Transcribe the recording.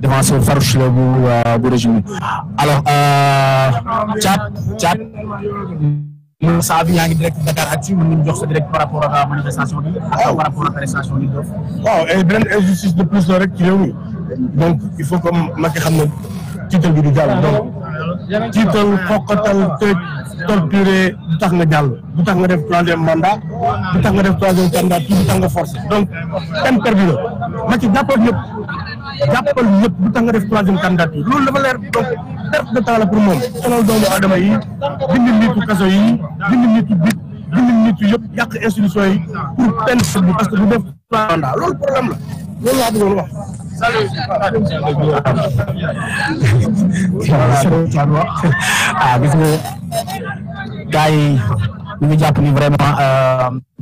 défenseur farouche la bu euh, bu régime alors euh, Thiat Thiat mën saa bi yaa ngi direct Dakar ak si mën jox sa direct par rapport à manifestation bi ak par rapport à prestation bi waaw et de plus la rek ci réew mi donc il faut que Macky xam ne tiital bi du jàll donc tiital xokkatal tëj torturé du tax nga jàll du tax nga def troisième mandat du tax nga def troisième mandat du tax nga forcé donc peine perdue la Macky jàppoon ñëpp jappal ñëpp bu tax def troisième candidature loolu dafa leer donc perte de temps la pour moom sonal doomu adama yi bind nitu kaso yi bind nitu bit bind nitu yëpp yàq institution yi pour peine bi parce que du def trois mandat loolu problème la loolu laa bëggoon wax Salut. ah gis nga gars yi ñu ngi jàpp ni vraiment euh,